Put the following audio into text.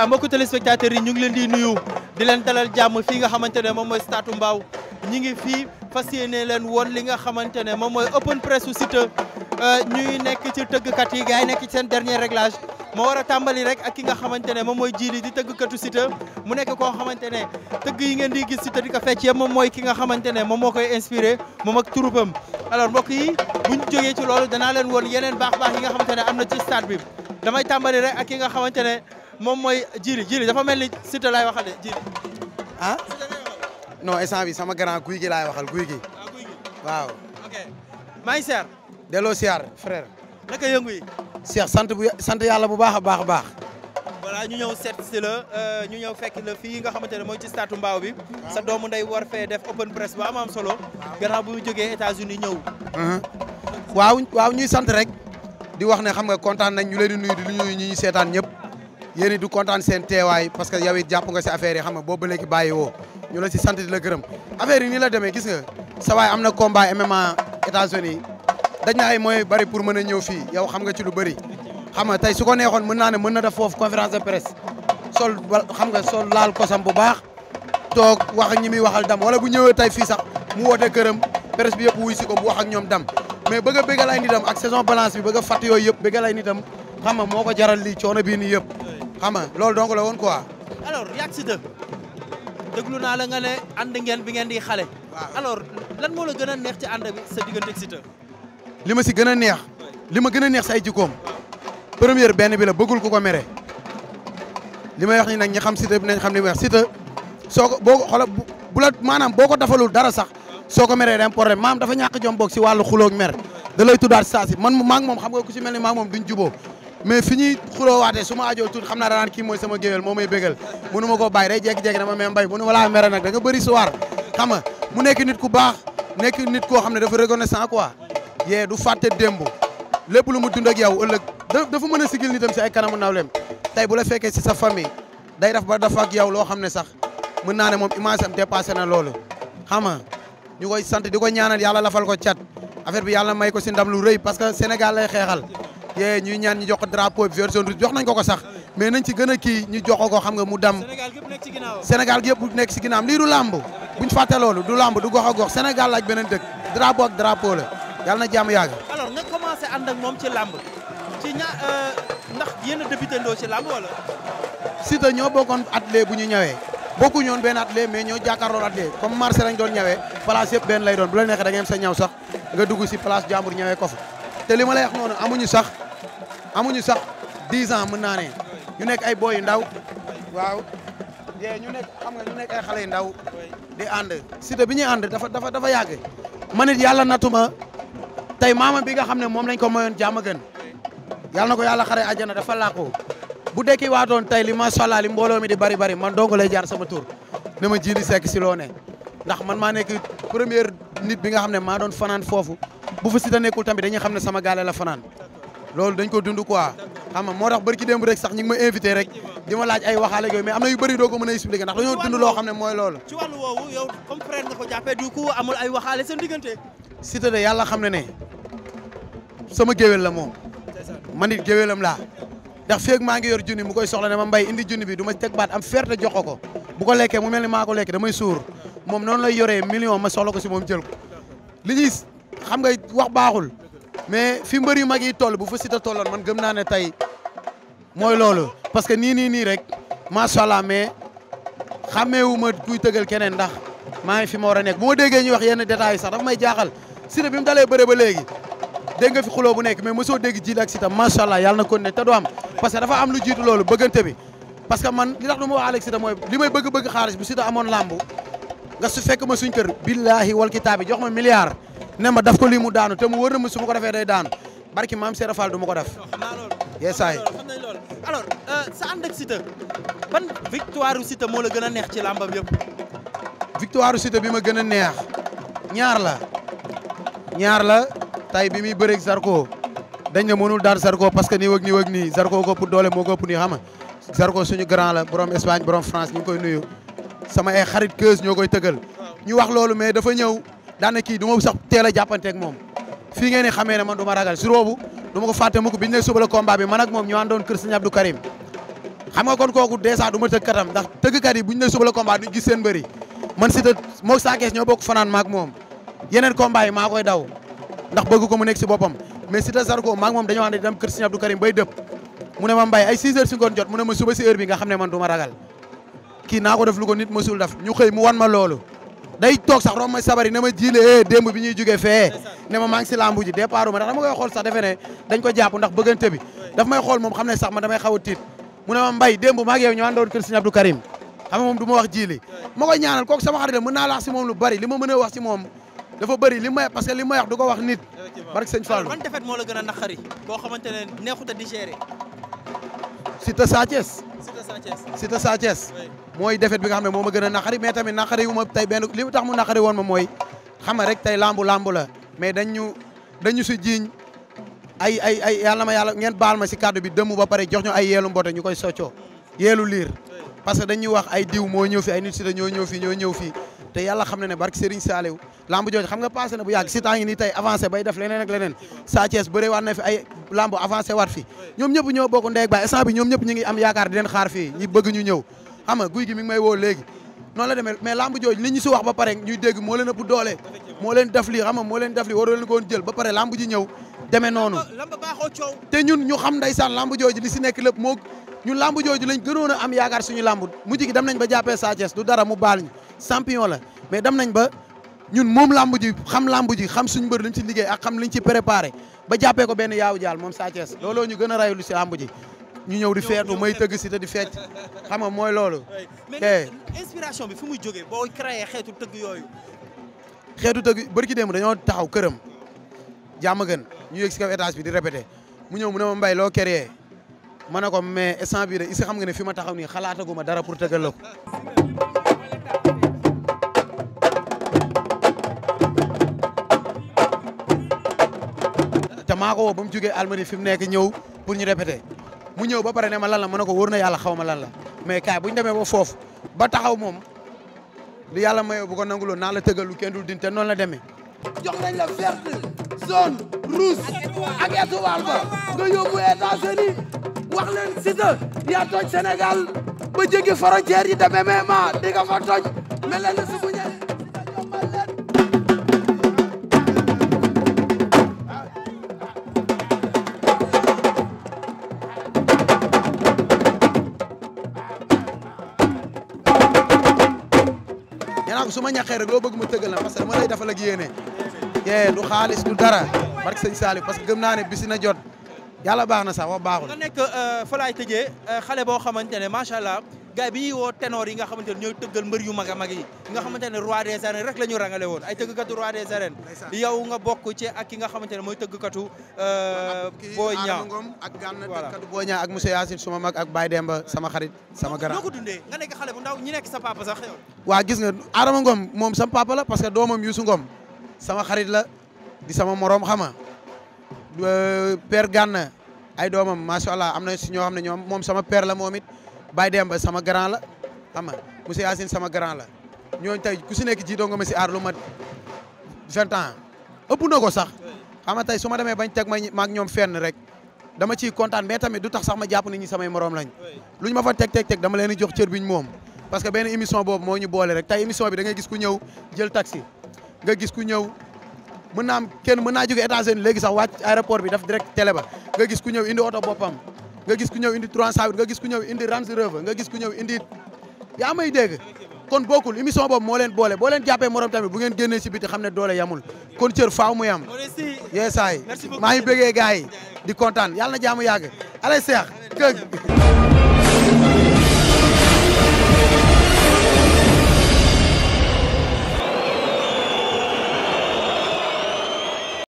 voilà mbokku téléspectateurs yi ñu ngi leen di nuyu di leen dalal jàmm fii nga xamante ne moom mooy statu mbaaw ñi ngi fii fas yéene leen woon li nga xamante ne moom mooy open press su Siteu euh, ñuy nekk ci tëggkat yi gars nekk ci seen dernier réglage moo war a tàmbali rek ak ki nga xamante ne moom mooy jiili di tëggkatu Siteu mu nekk koo xamante ne tëgg yi ngeen di gis Siteu di ko fecc yëpp moom mooy ki nga xamante ne moom moo koy inspiré moom ak turupam alors mbokk yi bu ñu jógee ci lool danaa leen woon yeneen baax baax yi nga xamante ne am na moom mooy jiri jiri dafa mel ni Siteu lay waxale de jiri ah bi sama grand guy gi laay waxal guy ah, gi waaw ok maa ngi siyaar delloo siyaar frère naka yëngu yi Cheikh sant bu sant yàlla bu baax a baax a baax voilà ñu ñëw seet si la euh, ñu ñëw fekk la fii nga xamante ne mooy ci staatu mbaaw bi sa doomu nday war fee def open press bu am am solo gannaaw bu jógee États-Unis ñëw uh-huh. waaw waaw ñuy sant rek di wax ne xam nga kontaan nañ ñu leen di nuyu di ñu seetaan ñëpp yéen du kontaan seen teewaay parce que yow i jàpp nga si affaire yi xam nga boobu ba léegi woo ñu la si sant di la gërëm affaire yi nii la demee gis nga sa waay am na combat MMA États-Unis dañ na ay moyens yu bëri pour mën a ñëw fii yow xam nga ci lu bëri xam nga tey su ko neexoon mën naa ne mën na def foofu conférence de presse sol xam nga sol laal kosam bu baax toog wax ñi muy waxal dam wala bu ñëwee tey fii sax mu woote këram presse bi yëpp wuy si ko bu wax ak ñoom dam mais ba a bëggal ay ak saison balance bi bëgg a fàtt yooyu yëpp bëggal ay nitam xam nga moo ko jaral lii coono bii nii yëpp xam nga loolu donc la woon quoi. alors Yaag Siteu déglu naa la nga ne ànd ngeen bi ngeen di xale. waaw alors lan moo la gën a neex ci ànd bi sa diggante ak Siteu. li ma si gën a neex. li ma gën a neex si ay jikkoom. première benn bi la bëggul ko ko mere. li may wax ni nag ñi xam Siteu bi na xam li may soo ko boo ko xoola bu la maanaam boo ko defalul dara sax soo ko meree dem problème maam dafa ñàkk jom si wàllu xulóog mer da lay tuddaat saa si man maa ngi moom xam nga ku si mel ni maa ngi moom duñ juboo mais fi ñuy xuloowaatee su ma ajoo tuuti xam naa danaan kii mooy sama géwél moo may bégal mënu ma koo bàyyi day jékki-jékki dama may mbay mënu ma laa mere nag da bëri soir xam mu nekk nit ku baax nekk nit koo xam ne dafa reconnaissant quoi yee du fàtte démb lépp lu mu dund ak yow ëllëg dafa mën a sigil nitam si ay kanamu nawleem tey bu la fekkee si sa famille day def ba dafa ak yow loo xam ne sax mën naa ne moom image am na loolu xam nga ñu koy sant di ko ñaanal yàlla lafal ko cat affaire bi may ko si ndam lu rëy parce que Sénégal lay xeexal yee ñuy ñaan ñu jox ko drapeau bi version jox nañ ko ko sax mais nañ ci gën a kii ñu jox ko xam nga mu dam Sénégal gi yëpp nekk ci ginnaawam lii du làmb buñ fàtte loolu du làmb du gox a gox Sénégal laaj beneen dëkk drapeau ak drapeau la yàlla na jàmm yàgg alors nga commencé ànd moom ci làmb ci ña euh, ndax yéen a débuté ndoo ci làmb wala Siteu ñoo bokkoon atelier bu ñu ñëwee bokku ñoon benn atelier mais ñoo jàkkaarloo atelier comme marché lañ doon ñëwee place yëpp benn lay doon bu la neexee da ngay am sa ñaw sax nga dugg si place jàmbur ñëwee ko fa te li ma lay wax noonu amuñu sax amuñu sax 10 ans mën naa ne ñu nekk ay boy yu ndaw waaw yee ñu nekk xam nga ay xale yu ndaw di ànd Siteu bi ñuy ànd dafa dafa dafa yàgg man it yàlla natuma tey maama bi nga xam ne moom lañ ko mayoon jàmm gën yàlla na ko yàlla xare àjjana dafa laako bu dekki waatoon tey li macha allah li mbooloo mi di bari bari man dong lay jaar sama tur ne ma di sekk si loo ne ndax man maa nekk première nit bi nga xam ne maa doon fanaan foofu bu fa Siteu nekkul tamit dañuy xam ne sama gaale la fanaan loolu dañ ko dund quoi xam nga moo tax bari ki démb rek sax ñu ma invité rek di ma laaj ay waxaale yooyu mais am na bëri doo ko mën a expliquer ndax dañoo dund loo xam ne mooy loolu. ci yow comme frère amul ay waxaale seen diggante. Siteu de yàlla xam ne ne sama géwél la moom man it géwélam laa ndax feeg maa ngi yor junni mu koy soxla ne ma mbay indi junni bi du ma teg baat am ferte jox ko ko bu ko lekkee mu mel ni maa ko lekk damay suur moom noonu lay yoree million ma soxla ko si moom jël ko li ñuy xam nga wax baaxul mais fi mbër yu mag yi toll bu fa Siteu tolloon man gëm naa ne tey mooy loolu parce que nii nii nii rek macha allah mais xàmmeewu ma kuy tëgal keneen ndax maa ngi fi ma war a nekk bu ma déggee ñuy wax yenn détails yi sax dafa may jaaxal Siteu bi mu dalee bëre ba léegi dégg nga fi xuloo nekk mais mosoo dégg jiil ak Siteu macha allah yàlla na ko ne te du am parce que dafa am lu jiitu loolu bëggante bi parce bëgg-bëgg xaalis bu Siteu amoon làmb nga su fekk ma suñ kër billaahi wal kitaabi jox ma milliard ne ma daf ko lii mu daanu te mu wër na ma su ma ko defee day daanu barki maam Seera Fall du ma ko def. yeesaay alors euh, sa ànd ak Siteu ban victoire u moo la gën a neex ci làmbam yëpp. victoire u Siteu bi ma gën a neex ñaar la ñaar la tay bi muy bëreeg Zarko dañ ne mënul daan Zarko parce que nii wëg nii wëg nii Zarko ko pour doole moo ko ëpp nii xam Zarko suñu grand la borom Espagne borom France ñu koy nuyu. sama ay xarit kër ñoo koy tëggal ñu wax loolu mais dafa ñëw daana kii du ma sax teel a moom fii ngeen di xamee ne man du ma ragal sur boobu du ma ko fàtte mukk biñ ne suba la combat bi man moom ñu àndoon kër Serigne Abdou Karim xam nga kon kooku dèjà du ma tëgg katam ndax tëggkat yi buñ ne suba la combat duñ gis seen bëri man si te moo saakees ñoo bokk fanaan maak moom yeneen combat yi maa koy daw ndax bëgg ko mu nekk si boppam mais si bi nga xam ne man du ma kii naa ko def lu ko nit mësul def ñu xëy mu wan ma loolu day toog sax romb ma sabari ne ma jiile eh démb bi ñuy jugee fee ne ma maa ngi si lambu ji départu ma ndax dama koy xool sax defe ne dañ ko jàpp ndax bëggante bi daf may xool moom xam ne sax ma damay xaw a tiit mu ne ma mbay démb maa ngi yow ñu Karim xam moom du ma wax jiile ma koy ñaanal kooku sama xarit la mën naa la wax si moom lu bari li ma mën a wax si moom dafa bëri li may parce que li may wax du wax nit barke Sëñ Fallou moo la gën a naqari boo xamante ne neexut a digérer Siteu Sa Thiès. Siteu Sa Thiès. mooy defet bi nga xam ne moo ma gën a naqari mais tamit naqari wu ma tey benn li mu tax mu naqari woon ma mooy xam nga rek tey lambu làmbu la mais dañu dañu si jiiñ ay ay ay yàlla ma yàlla ngeen baal ma si kàddu bi dëmm ba pare jox ñu ay yeelu mbote ñu koy soccoo yeelu liir parce que dañuy wax ay diw moo ñëw fi ay nit si da ñoo ñëw fi ñoo ñëw fii te yàlla xam na ne barke Serigne Saliou lamb jooju xam nga passé na bu yàgg si temps yi nii tey bay def leneen ak leneen Sa Thiès bëre waat fi ay lamb avancé waat fi ñoom ñëpp ñoo bokk ndeeg baay instant bi ñoom ñëpp ñu ngi am yaakaar di leen xaar fii ñi bëgg ñu ñëw xam nga guy la demee mais lamb jooju li ñu si wax ba pare ñuy dégg moo leen ëpp doole moo leen def lii xam nga moo leen def lii waroo leen koon jël ba pare lamb ji ñëw demee noonu te ñun ñu xam ndeysaan lamb jooju li si nekk lépp moo ñun lamb jooju lañ gënoon a am yaakaar suñu lamb mujj gi dem nañ ba jàppee Sa Thiès dara mu baal ñu champion la mais dem nañ ba ñun moom làmb ji xam làmb ji xam suñu mbër liñ ci liggéey ak xam liñ ci préparé ba jàppee ko benn yaaw jaal moom Sa Thiès looloo ñu gën a rayulu si làmb ji ñu ñëw di feetu mooy tëgg si te di fecc xam nga mooy loolu. mais bi fu muy jógee boo créé xeetu tëgg yooyu. xeetu tëgg bari ki dem dañoo taxaw këram jàmm gën ñu yëg si kaw étage bi di répété mu ñëw mu ne ma mbay loo créé ma ne ko mais instant bii de is xam nga ne fi ma taxaw nii ma dara pour tëggal la ko maa wo ba mu jógee Almadi fi mu nekk ñëw pour ñu répéter mu ñëw ba pare ne ma lan la ma ne ko wóor na yàlla xaw ma lan la mais kaay bu ñu demee ba foofu ba taxaw moom li yàlla mayoo bu ko nanguloon naa la tëggal lu kenn dul din te noon la deme jox nañ la verte zone rouge ak étoile ba nga yóbbu États-Unis wax leen Siteu yaa Sénégal ba jéggi frontière yi demee MMA di nga fa toj mel na moom su ma ñaqee rek loo bëgg mu tëggal na parce que dama lay defal ak yéene. yee du xaalis du dara barke sëñ Saliou parce que gëm naa ne bisi na jot. yàlla baax na sax wax baaxul. nga nekk euh, fa laay tëjee euh, xale boo xamante ne macha allah gars bi ñuy woo ténor yi nga xamante ne ñooy tëggal mbër yu mag a mag yi. nga xamante ne roi des arènes rek la ñu rangale woon ay tëggkatu roi des arènes. yow nga bokk ci ak ki nga xamante ne mooy tëggkatu. Euh, Boy Niang ak gànn tëggkatu Boy Niang ak monsieur Yacine suma mag ak Baye Demba sama xarit sama grand. noo ko dundee nga nekk xale ndaw ñi nekk sa papa sax yow. waa gis nga Adama Ngom moom sama papa la parce que doomam Youssou Ngom sama xarit la di sama morom xama Euh, père Gana ay doomam macha allah am na si ñoo xam ne ñoom moom sama père la moom it Baye Demba sama grand la xam nga monsieur Yacine sama grand la ñooñu tey ku si nekk jiitoo nga ma si aar lu mat vingt ans ëpp na ko sax xam nga tey su ma demee bañ teg ma maag ñoom fenn rek dama ci kontaan mais tamit du tax sax ma jàpp na ñi samay morom lañ lu ñu ma fa teg teg teg dama leen di jox cër biñ moom parce que benn émission boobu moo ñu boole rek tey émission bi da ngay gis ku ñëw jël taxi nga gis ku ñëw mën naa am kenn mën naa jóge États-Unis léegi sax wàcc aéroport bi daf direct télé nga gis ku ñëw indi oto boppam nga gis ku ñëw indi 300 nga gis ku ñëw indi Range Rover nga gis ku ñëw indi yaa may dégg kon bokkul émission boobu moo leen boole boo leen jàppee morom tamit bu ngeen génnee si biti xam ne doole yamul kon cër faaw mu yam yee maa ngi bëggee gars di kontaan yàlla na jaamu yàgg allez Cheikh këg